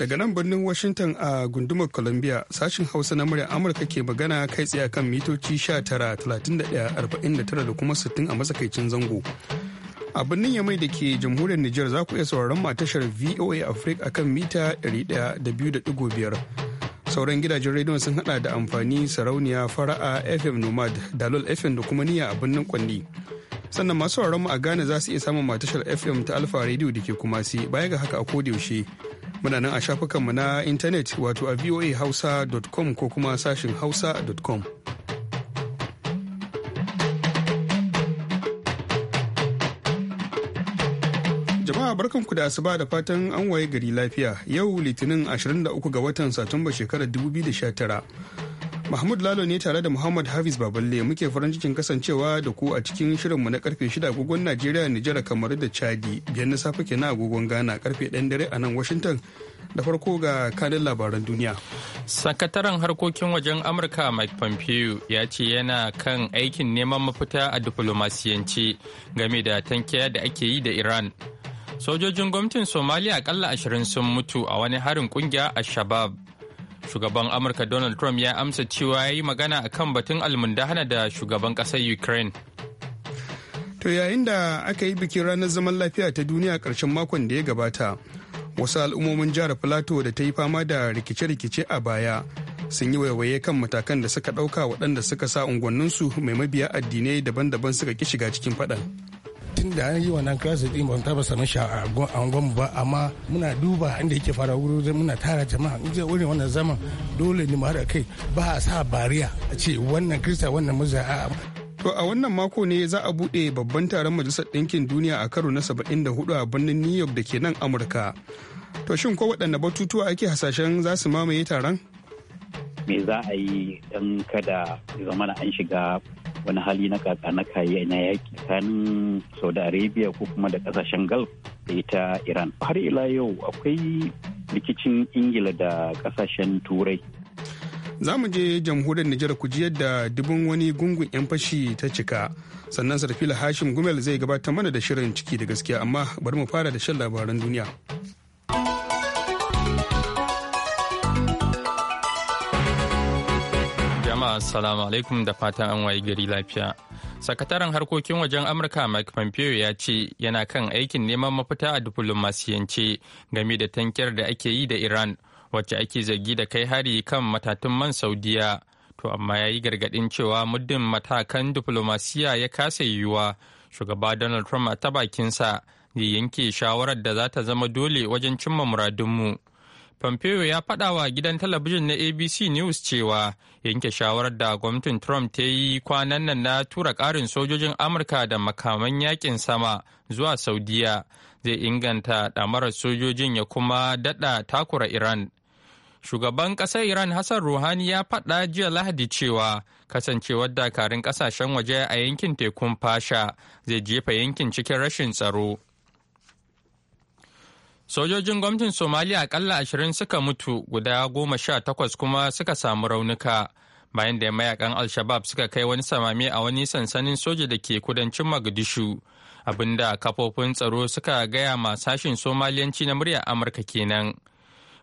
Daga nan birnin Washington a gundumar Columbia sashin Hausa na murya Amurka ke magana kai tsaye kan mitoci 19,39,49 da kuma 60 a matsakaicin zango. A birnin Yamai da ke jamhuriyar Nijar za ku iya sauraron tashar VOA Africa akan mita 100.5. Sauran gidajen rediyon sun hada da amfani sarauniya fara'a FM Nomad, Dalol FM da kuma niyya a birnin Kwanni. sannan masu sauraron mu a Ghana za su iya samun matashar FM ta Alfa Radio da ke kumasi baya ga haka a yaushe Muna nan a shafukanmu na intanet wato a voahausa.com ko kuma sashin hausa.com. Jama'a barkanku da asuba da fatan an waye gari lafiya yau litinin 23 ga watan Satumba shekarar 2019. Mahmud Lalo ne tare da Muhammad Hafiz Baballe muke farin cikin kasancewa da ku a cikin shirinmu na karfe 6 agogon Najeriya, Nijar, kamar da Chadi, biyar na safe kenan agogon Ghana karfe 1 dare a nan Washington. Da farko ga kanin labaran duniya. Sakataren harkokin wajen Amurka Mike Pompeo ya ce yana kan aikin neman mafita a diflomasiyance game da tankiya da ake yi da Iran. Sojojin gwamnatin Somaliya akalla ashirin sun mutu a wani harin kungiya a Shabab. shugaban amurka donald trump ya amsa cewa ya yi magana a kan batun almundahana da shugaban ƙasar ukraine to yayin da aka yi bikin ranar zaman lafiya ta duniya ƙarshen makon da ya gabata wasu al'ummomin jihar plateau da ta yi fama da rikice-rikice a baya sun yi waiwaye kan matakan da suka ɗauka waɗanda suka sa unguwanninsu mai mabiya addinai daban-daban suka ki shiga cikin faɗan. tun da an yi wannan class ɗin ba ta ba samu sha a angon ba amma muna duba inda yake fara wuri muna tara jama'a in zai wurin wannan zaman dole ne mu kai ba a sa bariya a ce wannan kirista wannan muza a To a wannan mako ne za a buɗe babban taron Majalisar Ɗinkin Duniya a karo na 74 a birnin New York da ke nan Amurka. To shin ko waɗanne batutuwa ake hasashen za su mamaye taron? Me za a yi don kada zamana an shiga wani hali na kaka na kayi na yaki tsakanin saudi arabia ko kuma da ƙasashen gulf da ita iran har ila yau akwai rikicin ingila da kasashen turai za mu je jamhuriyar nijar ku ji yadda dubin wani gungun 'yan fashi ta cika sannan sarfila hashim gumel zai gabatar mana da shirin ciki da gaskiya amma bari mu fara da shan labaran duniya assalamu alaikum da fatan an wayi gari lafiya. Sakataren harkokin wajen Amurka Mike Pompeo ya ce yana kan aikin neman mafita a diflomasiyance game da tankiyar da ake yi da Iran wacce ake zargi da kai hari kan matatun man Saudiya. To amma ya yi gargaɗin cewa muddin matakan diflomasiya ya kasa yiwuwa shugaba Donald Trump a ta bakinsa zai yanke shawarar da za ta zama dole wajen cimma muradunmu. Pompeo ya faɗa wa gidan talabijin na ABC News cewa yanke shawarar da gwamnatin Trump ta yi kwanan nan na tura ƙarin sojojin Amurka da makaman yakin sama zuwa Saudiya zai inganta ɗamarar sojojin ya kuma daɗa takura Iran. Shugaban ƙasar Iran Hassan Rouhani ya faɗa jiya Lahadi cewa kasancewar dakarun ƙasashen waje a yankin tekun Fasha zai jefa yankin cikin rashin tsaro. Sojojin gwamnatin Somaliya akalla ashirin suka mutu guda goma sha takwas kuma suka samu raunuka bayan da mayakan Al-Shabab suka kai wani samami a wani sansanin soja da ke kudancin Magadishu abinda kafofin tsaro suka gaya ma sashin Somaliyanci na muryar Amurka kenan.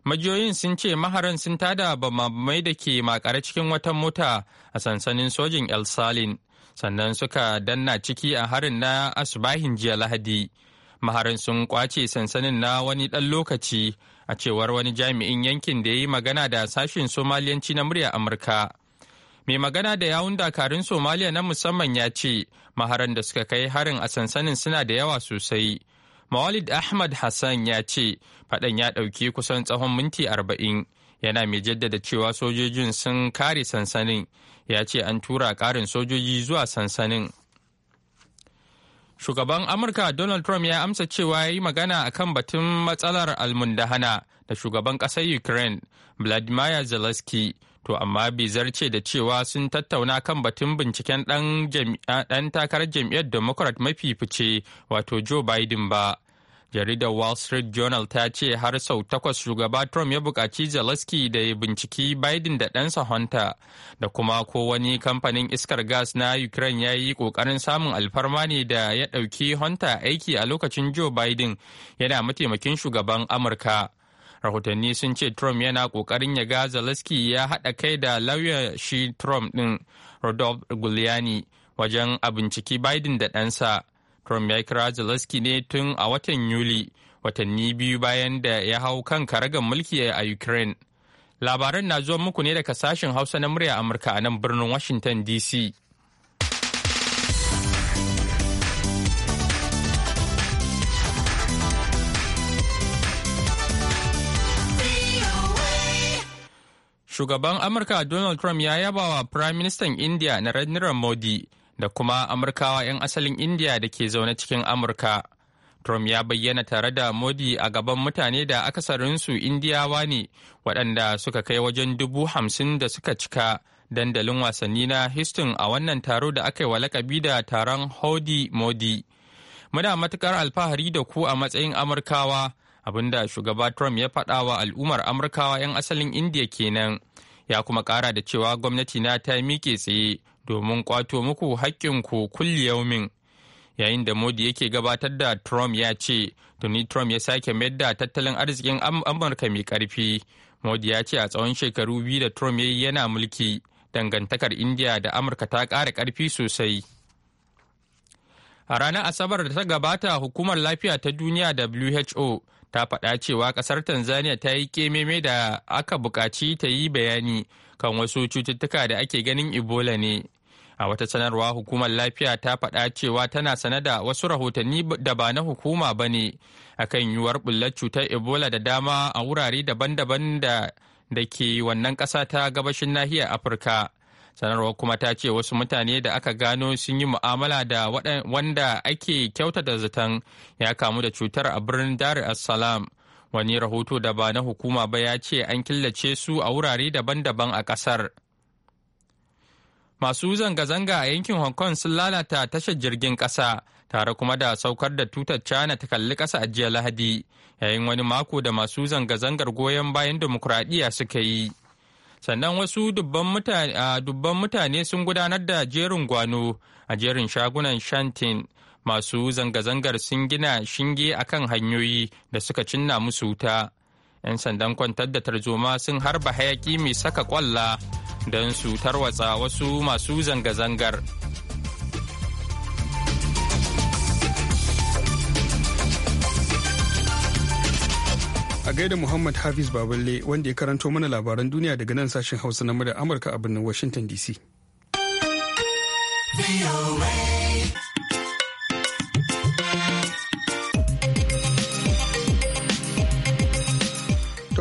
Majiyoyin sun ce maharan sun tada bamamai da ke makare cikin wata mota a sansanin sojin El Salin sannan suka danna ciki a harin na asubahin jiya Lahadi. maharin sun kwace sansanin na wani ɗan lokaci a cewar wani jami'in yankin da ya yi magana da sashen somaliyanci na murya amurka mai magana da yawun dakarun somaliya na musamman ya ce maharan da suka kai harin a sansanin suna da yawa sosai mawalid ahmad hassan ya ce faɗan ya ɗauki kusan tsawon minti arba'in yana mai jaddada cewa sojojin sun kare sansanin ya ce an tura ƙarin sojoji zuwa sansanin Shugaban Amurka Donald Trump ya amsa cewa ya yi magana a kan batun matsalar almundahana da shugaban ƙasar Ukraine, Vladimir Zelensky, to amma bai zarce da cewa sun tattauna kan batun binciken ɗan takarar jam'iyyar Democrat mafi fice wato Joe Biden ba. jaridar wall street journal ta ce har sau takwas shugaba trump ya buƙaci zelensky da ya binciki biden da ɗansa hunter da kuma ko wani kamfanin iskar gas na ukraine ya yi ƙoƙarin samun alfarma ne da ya ɗauki hunter aiki a lokacin joe biden yana mataimakin shugaban amurka rahotanni sun ce trump yana ƙoƙarin ya ga zelensky ya haɗa kai da lauya shi trump ɗin rodolph giuliani wajen a binciki biden da ɗansa Trump ya kira Zelensky ne tun a watan Yuli, watanni biyu bayan da ya hau kan karagan mulki a Ukraine. Labaran na zuwa muku ne daga sashen Hausa na murya Amurka a nan birnin Washington DC. Shugaban Amurka Donald Trump ya yaba wa Prime Minister India Narendra Modi da kuma amurkawa 'yan asalin indiya da ke zaune cikin amurka trump ya bayyana tare da modi a gaban mutane da akasarinsu indiyawa ne waɗanda suka kai wajen dubu hamsin da suka cika dandalin wasanni na houston a wannan taro da aka yi wa lakabi da taron hodi modi muna matukar alfahari da ku a matsayin amurkawa abinda shugaba trump ya faɗa wa al'ummar amurkawa 'yan asalin indiya kenan ya kuma ƙara da cewa gwamnati na ta miƙe tsaye domin kwato muku hakkinku kulli yaumin yayin da modi yake gabatar da trump ya ce tuni trump ya sake mayar da tattalin arzikin amurka mai karfi modi ya ce a tsawon shekaru biyu da trump ya yi yana mulki dangantakar india da amurka ta ƙara karfi sosai a ranar asabar da ta gabata hukumar lafiya ta duniya who ta faɗa cewa ƙasar tanzania ta yi kememe da aka buƙaci ta yi bayani kan wasu cututtuka da ake ganin ebola ne a wata sanarwa hukumar lafiya ta faɗa cewa tana sane da wasu rahotanni da ba na hukuma ba ne akan yiwuwar bullar cutar ebola da dama a wurare daban-daban da ke wannan ƙasa ta gabashin nahiyar afirka sanarwar kuma ta ce wasu mutane da aka gano sun yi mu'amala da wanda ake kyauta da zaton ya kamu da cutar a birnin dar es salaam wani rahoto da ba na hukuma ba ya ce an killace su a wurare daban-daban a ƙasar. masu zanga-zanga a yankin hong kong sun lalata tashar jirgin kasa tare kuma da saukar da tutar china ta kalli kasa a jiya lahadi yayin wani mako da masu zanga-zangar goyon bayan demokuraɗiyya suka yi sannan wasu dubban mutane sun gudanar da jerin gwano a jerin shagunan shantin masu zanga-zangar sun gina shinge a kan hanyoyi da suka cinna musu wuta 'yan sandan kwantar da tarzoma sun harba hayaki mai saka kwalla don su tarwatsa wasu masu zanga-zangar a gaida muhammad hafiz baballe wanda ya karanto mana labaran duniya daga nan sashen hausa na murya amurka a birnin washington dc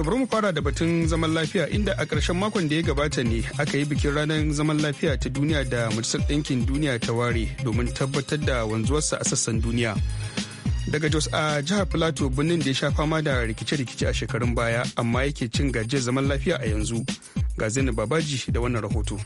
bari mu fara da batun zaman lafiya inda a ƙarshen makon da ya gabata ne aka yi bikin ranar zaman lafiya ta duniya da majalisar ɗinkin duniya ta ware domin tabbatar da wanzuwarsa a sassan duniya. Daga Jos a jihar Filato birnin da ya sha fama da rikice-rikice a shekarun baya amma yake cin gajiyar zaman lafiya a yanzu. Ga zina Babaji da wannan rahoto.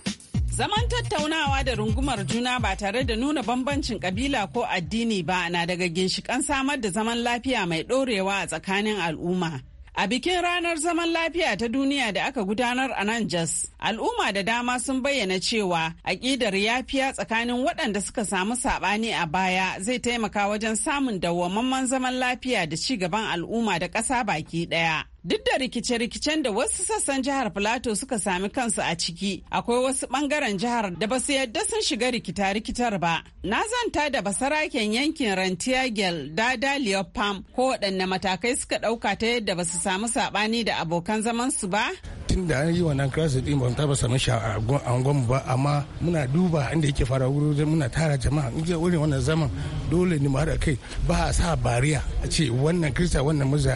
Zaman tattaunawa da rungumar juna ba tare da nuna bambancin kabila ko addini ba na daga ginshikan samar da zaman lafiya mai ɗorewa a tsakanin al'umma. A bikin ranar zaman lafiya ta duniya da aka gudanar a nan Jos, al'umma da dama sun bayyana cewa aƙidar yafiya tsakanin waɗanda suka samu saɓani a baya zai taimaka wajen samun dawwamaman zaman lafiya da ci gaban al'umma da ƙasa baki ɗaya. Duk da rikice-rikicen da wasu sassan jihar Filato suka sami kansu a ciki, akwai wasu bangaren jihar da ba su yadda sun shiga rikita-rikitar ba. Na zanta da basaraken yankin Rantiagel Dada Leopam ko waɗanne matakai suka ɗauka ta yadda ba su samu saɓani da abokan zamansu ba? tun da an yi wannan crisis ɗin ba ba samu shi a angon ba amma muna duba inda yake fara wurin muna tara jama'a in je wurin wannan zaman dole ne mu haɗa kai ba a sa bariya a ce wannan kirista wannan muza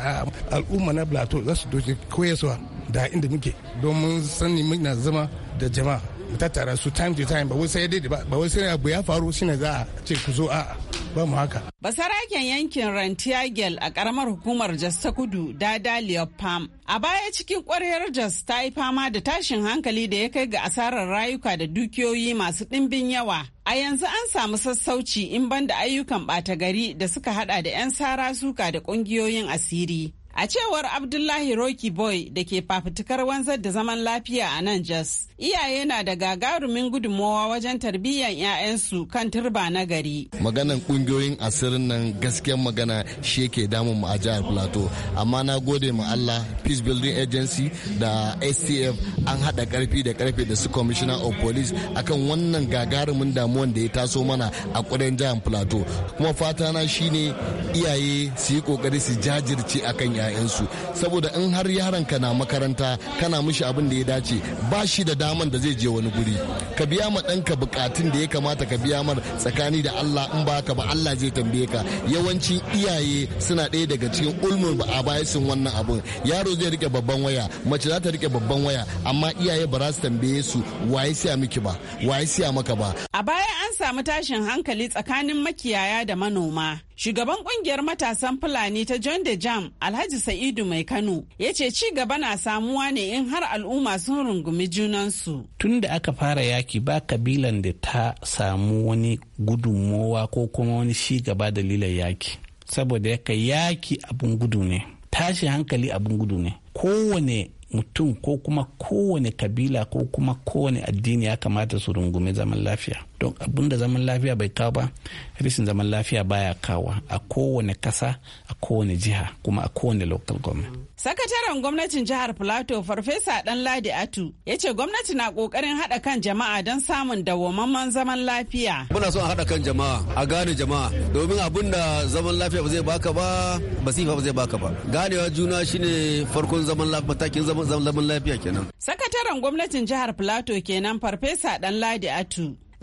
al'umma na plateau to za su doke koyaswa da inda muke domin sani muna zama da jama'a mu tattara su time to time ba wai sai dai ba wai sai abu ya faru shine za a ce ku zo a'a ba mu haka. Basaraken yankin Rantiagel a karamar hukumar Jos ta Kudu Dada pam A baya cikin kwaryar Jos ta yi fama da tashin hankali da ya kai ga asarar rayuka da dukiyoyi masu ɗimbin yawa. A yanzu an samu sassauci in banda ayyukan bata gari da suka hada da 'yan sara suka da kungiyoyin asiri. A cewar Abdullahi Roki Boy da ke fafutukar wanzar da zaman lafiya a nan Jos, iyaye na da gagarumin gudunmowa wajen tarbiyyar 'ya'yansu kan turba na gari. Maganan kungiyoyin asirin nan gaskiyar magana shi ke damun mu a jihar Plateau. Amma na gode ma Allah Peace Building Agency da STF an haɗa karfi da karfe da su Commissioner of Police akan wannan gagarumin damuwan da ya taso mana a kudin jihar Plateau. Kuma fata na shine iyaye su yi kokari su jajirce akan 'ya'yansu saboda in har yaron ka na makaranta kana mishi abin da ya dace ba shi da daman da zai je wani guri ka biya ma ɗanka bukatun da ya kamata ka biya mar tsakani da Allah in ba ka ba Allah zai tambaye ka yawancin iyaye suna ɗaya daga cikin ulmul ba a sun wannan abun yaro zai rike babban waya mace za ta rike babban waya amma iyaye ba za su tambaye su waye siya miki ba waye siya maka ba a baya an samu tashin hankali tsakanin makiyaya da manoma Shugaban kungiyar matasan Fulani ta John de Jam Alhaji Sa'idu Mai Kano ya ce ci gaba na samuwa ne in har al'umma sun rungumi junansu. Tun da aka fara yaki ba kabilan da ta samu wani gudunmowa ko kuma wani ci gaba dalilin yaki. Saboda yaka yaki abun gudu ne, tashi hankali abun gudu ne. Kowane mutum ko kuma kowane kabila ko kuma kowane addini ya kamata su rungumi zaman lafiya. don abin da zaman lafiya bai kawo ba rashin zaman lafiya baya kawo a kowane kasa a kowane jiha kuma a kowane local government sakataren gwamnatin jihar plateau farfesa dan ladi atu ya ce gwamnati na kokarin haɗa kan jama'a don samun dawwammamen zaman lafiya muna son a haɗa kan jama'a a gane jama'a domin abin da zaman lafiya ba zai baka ba basifa ba zai baka ba ganewa juna shine farkon zaman lafiya matakin zaman lafiya kenan sakataren gwamnatin jihar plateau kenan farfesa dan ladi atu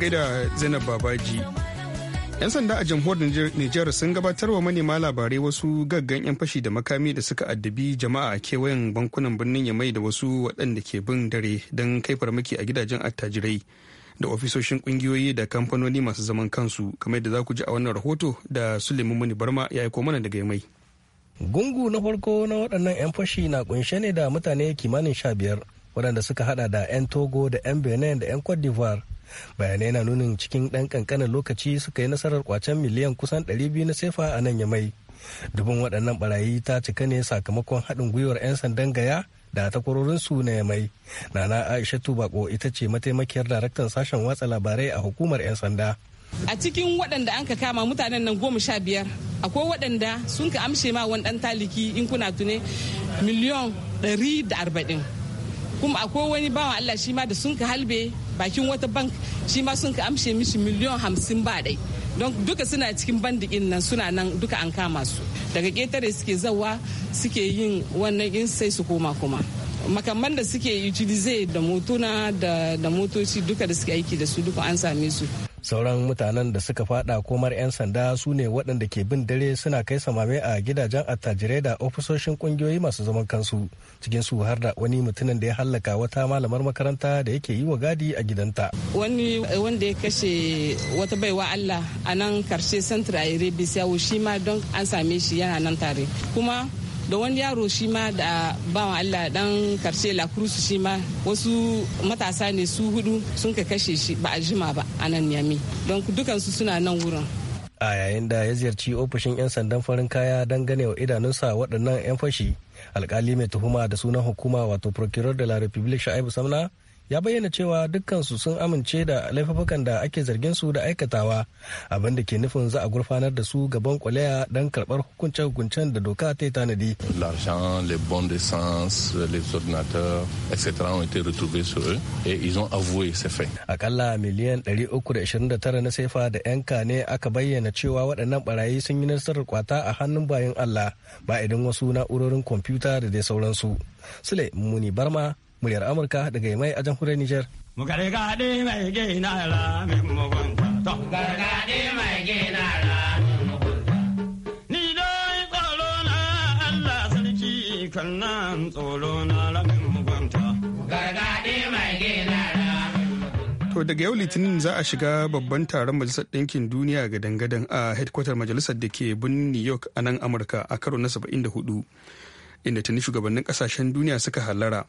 gaida Zainab Babaji. 'Yan sanda a jamhuriyar Nijar sun gabatar wa manema labarai wasu gaggan 'yan fashi da makami da suka addabi jama'a a kewayen bankunan birnin ya mai da wasu waɗanda ke bin dare don kai farmaki a gidajen attajirai da ofisoshin ƙungiyoyi da kamfanoni masu zaman kansu kamar da za ku ji a wannan rahoto da Suleiman Muni Barma ya aiko mana daga Yamai. Gungu na farko na waɗannan 'yan fashi na kunshe ne da mutane kimanin sha biyar waɗanda suka hada da 'yan Togo da 'yan Benin da 'yan Cote d'Ivoire bayanai na nunin cikin ɗan ƙanƙanin lokaci suka yi nasarar kwacen miliyan kusan 200 na sefa a nan yamai dubin waɗannan barayi ta cika ne sakamakon haɗin gwiwar 'yan sandan gaya da su na yamai nana aisha tubako ita ce mataimakiyar daraktan sashen watsa labarai a hukumar 'yan sanda a cikin waɗanda an ka kama mutanen nan goma sha biyar akwai waɗanda sun ka amshe ma wani ɗan taliki in kuna tune miliyon ɗari da arba'in kuma akwai wani bawan Allah shi ma da sun ka halbe bakin wata bank shi ma sun ka amshe mishi miliyan hamsin ba dai don duka suna cikin bandikin nan suna nan duka an kama su daga ketare suke zawa suke yin wannan in sai su koma kuma makamman da suke utilize da motuna da motoci duka da suke aiki da su duka an same su sauran mutanen da suka fada komar 'yan sanda su ne waɗanda ke bin dare suna kai samame a gidajen attajirai da ofisoshin kungiyoyi masu zaman kansu cikin su har da wani mutumin da ya hallaka wata malamar makaranta da yake yi wa gadi a gidanta wani eh, wanda ya kashe wata baiwa allah a nan karshe santra a shi ma don an same shi yana nan tare kuma da wani yaro shi ma da bawan Allah dan karshe la cruz shi ma wasu matasa ne su hudu sun ka kashe shi ba a jima ba a nan yami don dukansu suna nan wurin a yayin da ya ziyarci ofishin 'yan sandan farin kaya don wa idanunsa waɗannan 'yan fashi alkali mai tuhuma da sunan hukuma wato procureur de la republique sha'ibu samna ya bayyana cewa dukkansu sun amince da laifafukan da ake zargin su da aikatawa abin da ke nufin za a gurfanar da su gaban kwalaya don karbar hukuncin hukuncen da doka ta tanadi. L'argent, les bons les ordinateurs, etc. ont été retrouvés sur eux et ils ont avoué ces faits. Akalla miliyan 329 na sefa da yanka ne aka bayyana cewa waɗannan barayi sun yi nasarar kwata a hannun bayan Allah ba idan wasu na'urorin kwamfuta da dai sauransu. Sule Muni Barma muryar amurka daga yamai a jamhuriyar niger sarki kan To daga yau litinin za a shiga babban taron majalisar ɗinkin duniya ga dangadan a hedkwatar majalisar da ke bin New York a nan Amurka a karo na 74 inda tuni shugabannin ƙasashen duniya suka halara.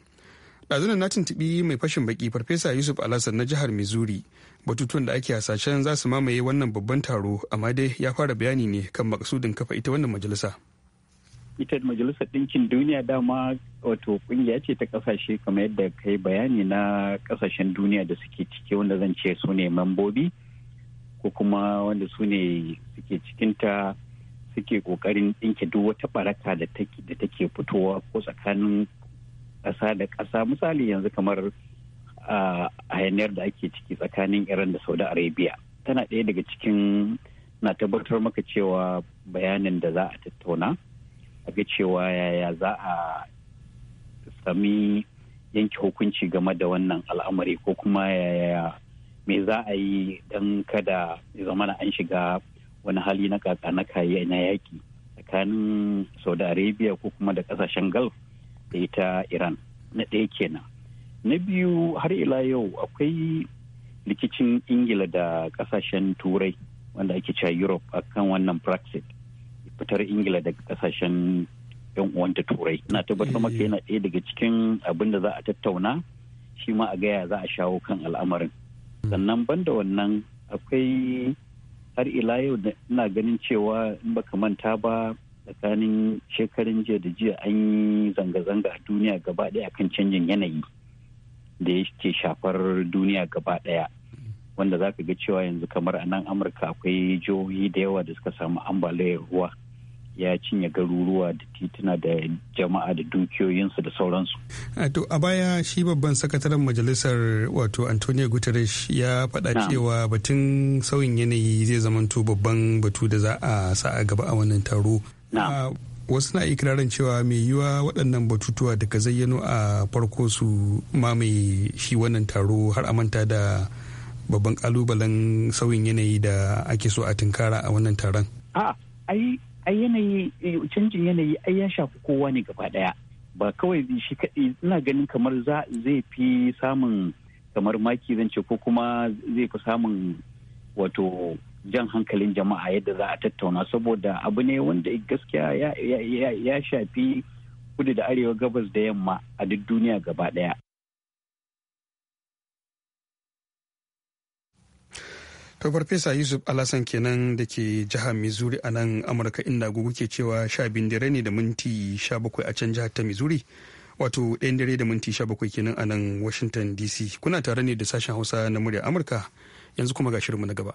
ɗazunan na tuntuɓi mai fashin baki farfesa yusuf alhassan na jihar missouri batutuwan da ake hasashen za su mamaye wannan babban taro amma dai ya fara bayani ne kan makasudin kafa ita wannan majalisa ita majalisar ɗinkin duniya dama wato ƙungiya ce ta ƙasashe kamar yadda ka yi bayani na ƙasashen duniya da suke cike wanda zan ce su ne mambobi ko kuma wanda su ne suke cikinta suke ƙoƙarin ɗinke duk wata ɓaraka da take fitowa ko tsakanin ƙasa da ƙasa misali yanzu kamar a hayaniyar da ake ciki tsakanin iran da saudi arabia tana ɗaya daga cikin na tabbatar maka cewa bayanin da za a tattauna a ga cewa yaya za a sami yanke hukunci game da wannan al'amari ko kuma yaya me za a yi don kada zamana an shiga wani hali na kaka na kayi na yaki tsakanin saudi arabia ko kuma da kasashen gulf ita iran na ɗaya kenan na biyu har ila yau akwai rikicin ingila da ƙasashen turai wanda ake cewa europe akan wannan brexit fitar ingila daga ƙasashen yan uwanta turai na tabbatar maka eh. yana ɗaya daga cikin abin da za a tattauna shi ma a gaya za a shawo kan al'amarin hmm. sannan banda wannan akwai har ila yau ina ganin cewa in baka manta ba tsakanin shekarun jiya da jiya an yi zanga-zanga a duniya gaba daya kan canjin yanayi da yake shafar duniya gaba daya wanda za ka ga cewa yanzu kamar a nan amurka akwai jihohi da yawa da suka samu ambaliyar ruwa ya cinye garuruwa da tituna da jama'a da dukiyoyinsu da sauransu. To a baya shi babban sakataren majalisar wato Antonio Guterres ya faɗa cewa batun sauyin yanayi zai zamanto babban batu da za a sa a gaba a wannan taro. Ah, wasu na ikirarin cewa mai yiwa waɗannan batutuwa da ka zayyano a farko su mamaye shi wannan taro har a manta da babban kalubalen sauyin yanayi da ake so a tunkara a wannan taron. a ai yanayi eh, canjin yanayi ai ya shafi kowa ne gaba daya ba kawai shi kaɗai ina ganin kamar zai fi samun kamar maki zance ko kuma zai fi samun wato jan hankalin jama'a yadda za a tattauna saboda abu ne wanda gaskiya ya shafi kudu da arewa gabas da yamma a duk duniya gaba daya to farfesa yusuf alasan kenan da ke jihar missouri a nan amurka inda gugu ke cewa sha biyun dare ne da minti sha bakwai a can jihar ta missouri wato ɗayan dare da minti sha bakwai kenan a nan washington dc kuna tare ne da sashen hausa na murya amurka yanzu kuma ga shirinmu na gaba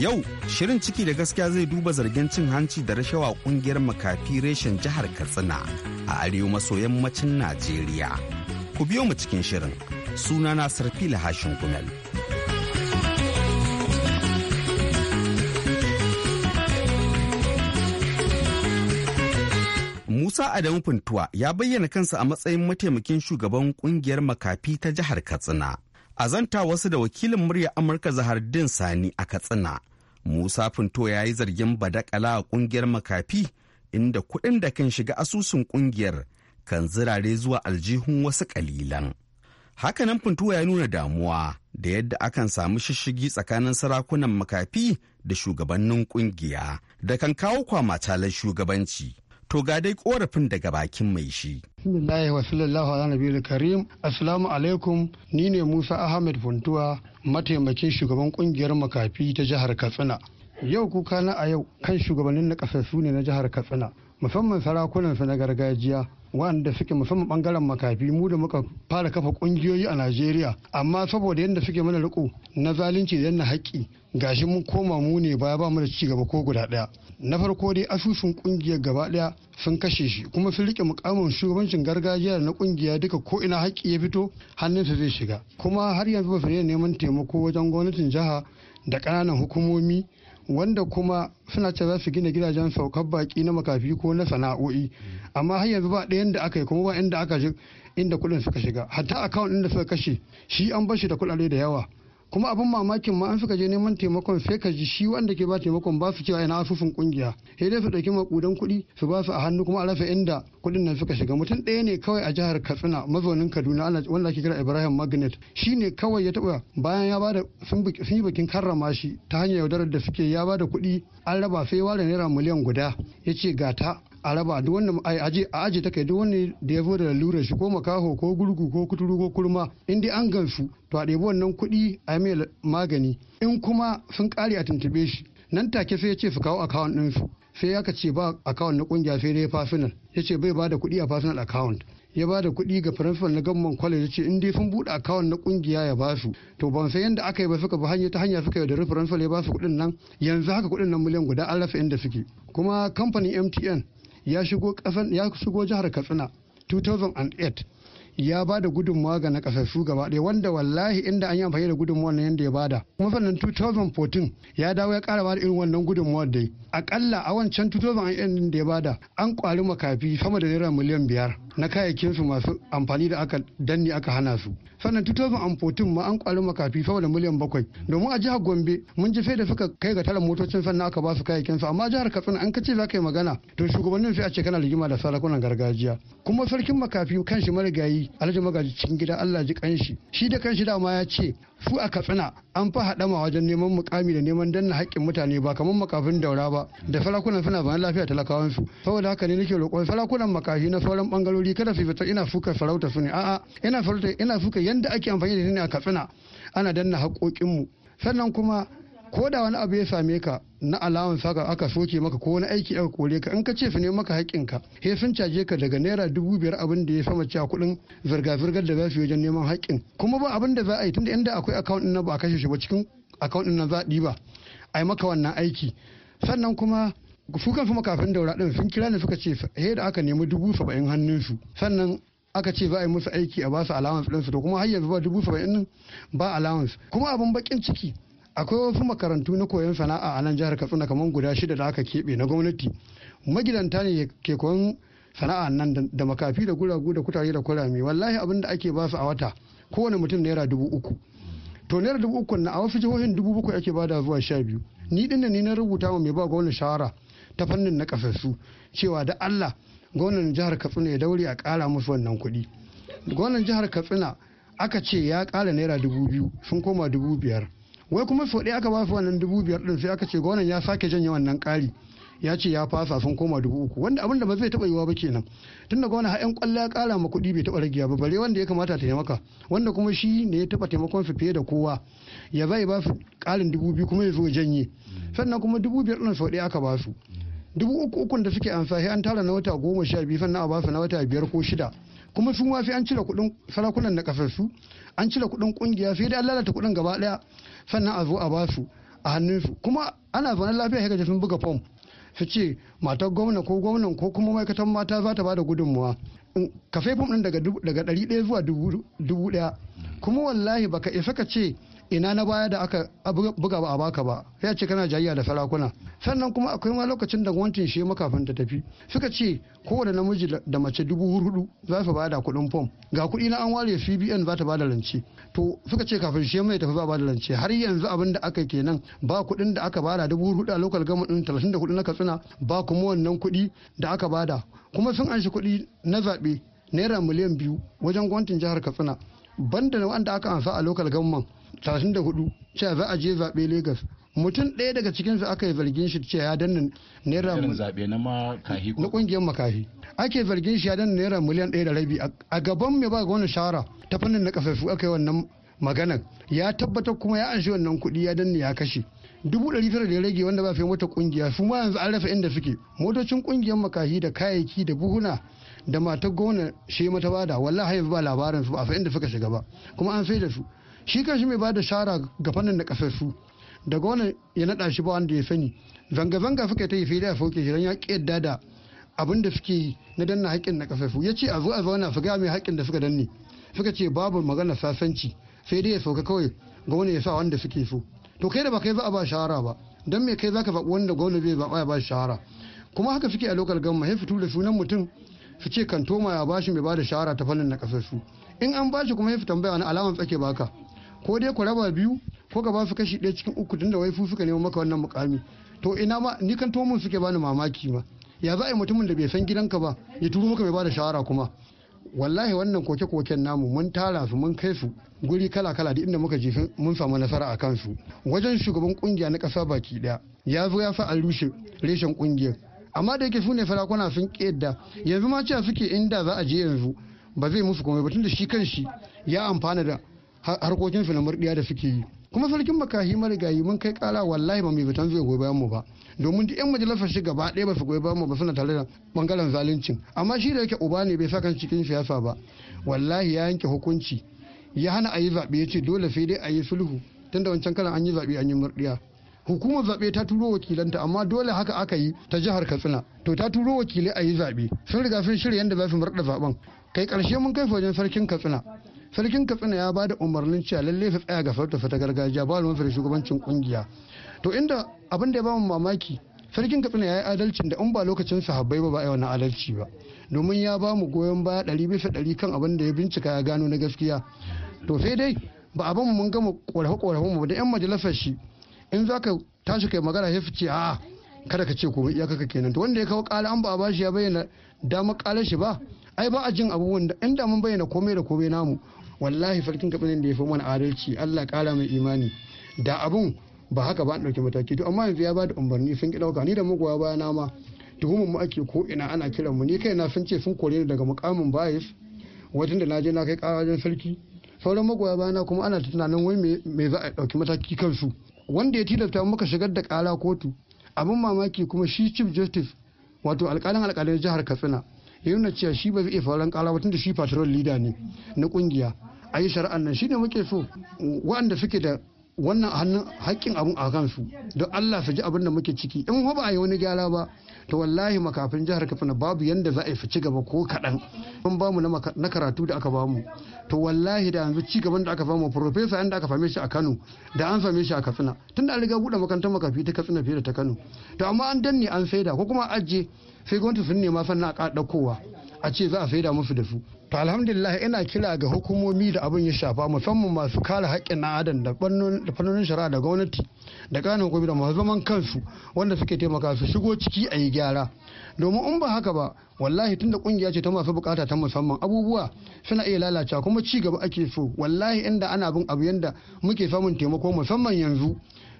Yau shirin ciki da gaskiya zai duba zargin cin hanci da rashawa kungiyar makafi reshen jihar Katsina a arewa maso yammacin Najeriya. Ku biyo mu cikin shirin suna na sarfi Lahashin Gumel. Musa Adamu Funtuwa ya bayyana kansa a matsayin mataimakin shugaban kungiyar makafi ta jihar Katsina. a zanta wasu da wakilin murya amurka zahar din sani a katsina musa finto ya yi zargin badakala a kungiyar makafi inda kuɗin da kan shiga asusun kungiyar kan zirare zuwa aljihun wasu kalilan hakanan finto ya nuna damuwa da yadda akan samu shishigi tsakanin sarakunan makafi da shugabannin kungiya da kan kawo kwamatalar shugabanci To ga dai korafin daga bakin mai shi. Bismillah wa sallallahu ala nabiyil karim. Assalamu alaikum. Ni ne Musa Ahmed Funtuwa, mataimakin shugaban kungiyar makafi ta jihar Katsina. Yau kuka na a yau kan shugabannin na kasassu ne na jihar Katsina. musamman sarakunansa na gargajiya wanda suke musamman bangaren makafi mu da muka fara kafa kungiyoyi a Najeriya amma saboda yadda suke mana riko na zalunci da na haƙƙi gashi mun koma mu ne baya ba mu da ci gaba ko guda ɗaya na farko dai asusun kungiyar gaba ɗaya sun kashe shi kuma sun rike mukamin shugabancin gargajiya na kungiya duka ko ina haƙƙi ya fito hannunsa zai shiga kuma har yanzu ba su neman taimako wajen gwamnatin jiha da ƙananan hukumomi wanda kuma suna ce za su gina gidajen saukar baki na makafi ko na sana'o'i amma har yanzu ba ɗayan da aka yi kuma ba inda aka inda kuɗin suka shiga hatta akawun inda suka kashe shi an bashi da kuɗaɗe da yawa kuma abin mamakin ma an fi je neman taimakon sai ka ji shi wanda ke ba taimakon ba su cewa ina asusun kungiya sai dai su dauki makudan kudi su ba su a hannu kuma a rafa inda kudin nan suka shiga mutum ɗaya ne kawai a jihar Katsina mazaunin Kaduna wanda ake kira Ibrahim Magnet ne kawai ya taɓa bayan ya bada sun yi bikin karrama shi ta hanyar yaudarar da suke ya bada kudi an raba sai ware naira miliyan guda ya ce gata a raba duk wanda a aje take duk wanda da ya zo da lalurar shi ko makaho ko gurgu ko kuturu ko kurma in dai an gansu to a ɗebi wannan kuɗi a mai magani in kuma sun ƙare a tuntuɓe shi nan take sai ya ce su kawo akawun ɗinsu sai aka ce ba akawun na ƙungiya sai dai fasinal ya ce bai ba da kuɗi a fasinal akawun ya ba da kuɗi ga firinsifal na gamman kwale ya ce in dai sun buɗe akawun na ƙungiya ya ba su to ban san yadda aka yi ba suka ba hanya ta hanya suka yaudari firansifal ya ba su kuɗin nan yanzu haka kuɗin nan miliyan guda an rasa inda suke kuma kamfanin mtn ya shigo ya shigo jihar katsina 2008 ya bada da gudunmawa ga nakasassu gaba ɗaya wanda wallahi inda an yi amfani da gudunmawa na yadda ya bada kuma sannan 2014 ya dawo ya ƙara bada irin wannan gudunmawa dai akalla a wancan 2008 da ya bada an ƙwari makafi sama da naira miliyan biyar na su masu amfani da aka danne aka hana su sannan 2014 ma an kwari makafi sama da miliyan bakwai domin a jihar gombe mun ji sai da suka kai ga tara motocin sannan aka ba su kayayyakinsu amma jihar katsina an kace za ka yi magana to shugabannin sai a ce kana rigima da sarakunan gargajiya kuma sarkin makafi kanshi marigayi alhaji magaji cikin gida allah ji kanshi shi da kanshi dama ya ce su a katsina an fa haɗama wajen neman mukami da neman danna haƙƙin mutane ba kamar makafin daura ba da sarakunan suna bayan lafiya talakawan su saboda haka ne nake roƙon sarakunan makafi na sauran bangarori kada su fita ina suka sarauta su ne a'a ina sarauta ina suka yanda ake amfani da ni a katsina ana danna haƙoƙinmu sannan kuma ko da wani abu ya same ka na alawan saka aka soke maka ko wani aiki aka kore ka in ka ce su ne maka haƙƙinka he sun caje ka daga naira dubu biyar abin da ya sama cewa kuɗin zirga-zirgar da za su yi wajen neman haƙƙin kuma ba abin da za a yi tunda inda akwai akawun na ba a kashe shi ba cikin akawun ɗin za a ɗiba a yi maka wannan aiki sannan kuma su kansu makafin daura ɗin sun kira ni suka ce he da aka nemi dubu saba'in hannunsu sannan aka ce za a yi musu aiki a basu allowance ɗinsu to kuma har yanzu ba dubu saba'in ba allowance kuma abin bakin ciki akwai wasu makarantu na koyon sana'a a nan jihar katsina kamar guda shida da aka keɓe na gwamnati magidanta ne ke koyon sana'a nan da makafi da guragu da kutare da kurame wallahi abin da ake basu a wata kowane mutum naira dubu uku to naira dubu uku na a wasu jihohin dubu bakwai ake bada zuwa sha biyu ni din ni na rubuta wa mai ba gwamnati shawara ta fannin na kasassu cewa da Allah gwamnan jihar Katsina ya daure a kara musu wannan kuɗi gwamnan jihar Katsina aka ce ya kara naira dubu biyu sun koma dubu biyar wai kuma sau aka ba su wannan dubu biyar ɗin sai aka ce gwamnan ya sake janye wannan ƙari ya ce ya fasa sun koma dubu uku wanda abin da ba zai taɓa yiwa ba kenan tun da gwamna yan kwallo ya ƙara ma kuɗi bai taɓa ragiya ba bare wanda ya kamata ta taimaka wanda kuma shi ne ya taɓa taimakon su fiye da kowa ya zai ba su ƙarin dubu biyu kuma ya zo janye sannan kuma dubu biyar ɗin sau ɗaya aka ba su dubu uku ukun da suke an sahi an tara na wata goma sha biyu sannan a ba su na wata biyar ko shida kuma sun wafi an cire kuɗin sarakunan na kasar su an cire kuɗin kungiya sai dai an lalata kuɗin gaba ɗaya sannan a zo a basu a hannunsu kuma ana zaune lafiya sai sun buga fom su ce matar gwamna ko gwamnan ko kuma ma'aikatan mata za ta ba da gudunmuwa ka fom ɗin daga ɗari ɗaya zuwa dubu ɗaya kuma wallahi baka isa ka ce ina na baya da aka buga ba a baka ba ya ce kana jayya da sarakuna sannan kuma akwai ma lokacin da wancin shi makafin ta tafi suka ce kowane namiji da mace dubu hudu za su bada kuɗin fom ga kuɗi na an ware cbn za ta bada rance to suka ce kafin shi mai tafi ba bada rance har yanzu abin da aka kenan ba kuɗin da aka bada dubu hudu a lokal gama ɗin talatin da kuɗi na katsina ba kuma wannan kuɗi da aka bada kuma sun anshi kuɗi na zabe naira miliyan biyu wajen gwamnatin jihar katsina banda da wanda aka ansa a lokal gama 34 cewa za a je zaɓe Legas. mutum ɗaya daga cikinsu aka yi zargin shi cewa ya danna naira na ƙungiyar makahi ake zargin shi ya danna naira miliyan ɗaya da rabi a gaban mai ba ga wani shara ta fannin na kafafu aka yi wannan maganar ya tabbatar kuma ya anshi wannan kuɗi ya danna ya kashe dubu ɗari tara da ya rage wanda ba fi wata ƙungiya su ma yanzu an rasa inda suke motocin ƙungiyar makahi da kayayyaki da buhuna da matar gona shi mata bada wallahi ba labarin su ba a inda suka shiga ba kuma an sai da su shi shi mai bada shara ga fannin da kasarsu daga wani ya naɗa shi ba wanda ya sani zanga-zanga suka ta yi fili a sauke shi ya ƙi da abin da suke yi na danna haƙƙin na kasarsu ya ce a zo a zauna su gaya mai haƙƙin da suka danne suka ce babu magana sasanci sai dai ya sauka kawai wani ya sa wanda suke so to kai da ba kai za a ba shara ba don me kai zaka faɓi wanda gwamna zai zaɓa ya ba shara kuma haka suke a lokal gamma ya fito da sunan mutum su ce kan kantoma ya bashi mai bada shara ta fannin na kasarsu in an bashi kuma ya fi tambaya wani alamar tsake baka ko dai ku raba biyu ko ka ba su kashi ɗaya cikin uku tunda wai suka nemo maka wannan mukami to ina ma ni kan tomin suke bani mamaki ma ya za a yi mutumin da bai san gidanka ba ya turo maka mai bada shawara kuma wallahi wannan koke-koken namu mun tara su mun kai su guri kala-kala da inda muka jefin mun samu nasara a kansu wajen shugaban kungiya na kasa baki daya ya zo ya sa a rushe reshen kungiyar amma da yake su ne sarakuna sun ƙeda yanzu ma cewa suke inda za a je yanzu ba zai musu komai ba tunda shi kan shi ya amfana da harkokin filamar murdiya da suke yi kuma sarkin makahi marigayi mun kai kara wallahi ba mai fitan zai goyi bayan mu ba domin duk yan majalisar shi gaba ɗaya ba su goyi bayan mu ba suna tare da bangaren zaluncin amma shi da yake uba ne bai sa cikin siyasa ba wallahi ya yanke hukunci ya hana a yi zaɓe ya ce dole sai dai a yi sulhu tunda wancan kalan an yi zaɓe an yi murɗiya hukumar zaɓe ta turo wakilanta amma dole haka aka yi ta jihar katsina to ta turo wakilai a yi zaɓe sun riga sun shirya yadda za su murɗa zaɓen kai ƙarshe mun kai wajen sarkin katsina sarkin katsina ya da umarnin cewa lalle fa tsaya ga farta ta gargajiya ba ruwan da shugabancin kungiya to inda abin da ya bamu mamaki sarkin katsina ya yi adalcin da in ba lokacin sahabbai ba ba a wani adalci ba domin ya ba mu goyon baya ɗari bisa dari kan abin da ya bincika ya gano na gaskiya to sai dai ba abin mun gama ƙorafe ƙorafe mu da yan majalisar shi in za ka tashi kai magana ya fice a kada ka ce komai iyakaka kenan to wanda ya kawo ƙala an ba a bashi ya bayyana damar ƙalar shi ba ai ba a jin abubuwan da inda mun bayyana komai da komai namu wallahi sarkin katsina da ya fi mana adalci allah kara mai imani da abun ba haka ba an ɗauki mataki to amma yanzu ya ba da umarni sun ki ɗauka ni da magoya baya na ma tuhumar mu ake ko ina ana kiran mu ni kai na sun ce sun kore ni daga mukamin bayis wajen da na je na kai wajen sarki sauran magoya bayana kuma ana tunanin wai me za a ɗauki mataki kansu wanda ya tilasta muka shigar da kara kotu abin mamaki kuma shi chief justice wato alƙalin alƙalin jihar katsina ya cewa shi ba zai iya faruwar kara ba tunda shi patrol leader ne na kungiya a yi shari'an nan shi ne muke so waɗanda suke da wannan hannun haƙƙin abin a kansu don Allah su ji abin da muke ciki in ba a yi wani gyara ba to wallahi makafin jihar katsina babu yadda za a yi ci gaba ko kaɗan mun bamu na karatu da aka bamu to wallahi da yanzu ci gaban da aka bamu profesa yanda aka fame shi a kano da an fame shi a katsina tun da an riga buɗe makarantar makafi ta katsina fiye da ta kano to amma an danne an saida ko kuma ajiye sai gwamnati sun nema sannan a ɗaukowa a ce za a saida musu da su to alhamdulillah ina kira ga hukumomi da abin ya shafa musamman masu kare haƙƙin na adam da fannonin shari'a da gwamnati da ƙananan gobe da masu zaman kansu wanda suke taimaka su shigo ciki a yi gyara domin in ba haka ba wallahi tunda ƙungiya ce ta masu bukata ta musamman abubuwa suna iya lalacewa kuma ci gaba ake so wallahi inda ana bin abu yanda muke samun taimako musamman yanzu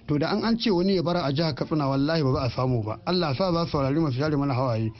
to da an an ce wani ya bara a jihar katsina wallahi ba za a samu ba allah sa za su saurari masu share mana hawaye.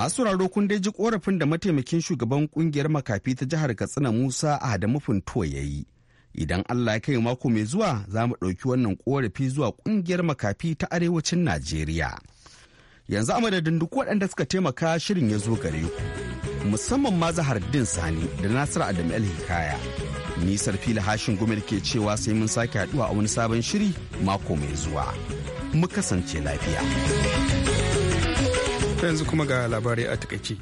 Masu raro kun dai ji korafin da mataimakin shugaban kungiyar makafi ta jihar Katsina Musa Adamu Funtuwa ya yi. Idan Allah ya kai mako mai zuwa za mu ɗauki wannan korafi zuwa kungiyar makafi ta arewacin Najeriya. Yanzu a madadin duk waɗanda suka taimaka shirin ya zo gare ku. Musamman ma Zahar Din Sani da Nasiru Adamu El Hikaya. Ni Sarfila Hashin Gumel ke cewa sai mun sake haɗuwa a wani sabon shiri mako mai zuwa. Mu kasance lafiya. yanzu kuma ga labarai a takaice.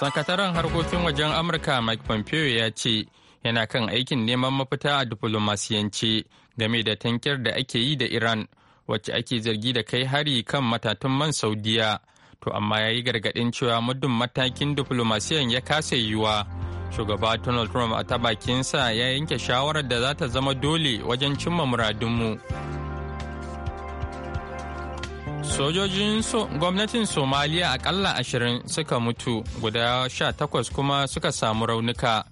sakataren harkokin wajen amurka mike pompeo ya ce yana kan aikin neman mafita a diflomasiyance game da tankiyar da ake yi da iran wacce ake zargi da kai hari kan matatun man saudiya to amma ya yi gargaɗin cewa muddin matakin diflomasiyan ya kasa yiwuwa shugaba donald trump a ta bakinsa ya yanke shawarar da za ta zama dole wajen cimma muradunmu. Sojojin gwamnatin Somaliya akalla ashirin suka mutu guda sha takwas kuma suka samu raunuka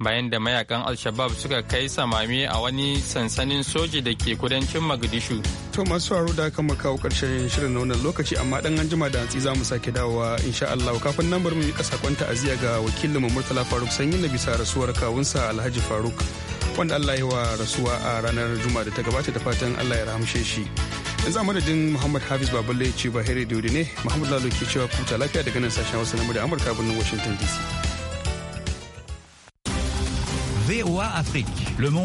bayan da mayakan Al-Shabab suka kai samami a wani sansanin soji da ke kudancin Magadishu. To masu haru da aka kawo karshen shirin na wannan lokaci amma dan an jima da hantsi za mu sake dawowa insha Allah kafin nan bari mu yi sakon ta'aziyya ga wakilin mu Murtala Faruk sanyin na bisa rasuwar kawunsa Alhaji Faruk wanda Allah ya yi wa rasuwa a ranar Juma'a da ta gabata da fatan Allah ya rahamshe shi. yanzu a madadin muhammad hafiz baballe ce ba here da ne muhammad lalo ke cewa kuta lafiya daga nan sashen wasu namu da amurka birnin washington dc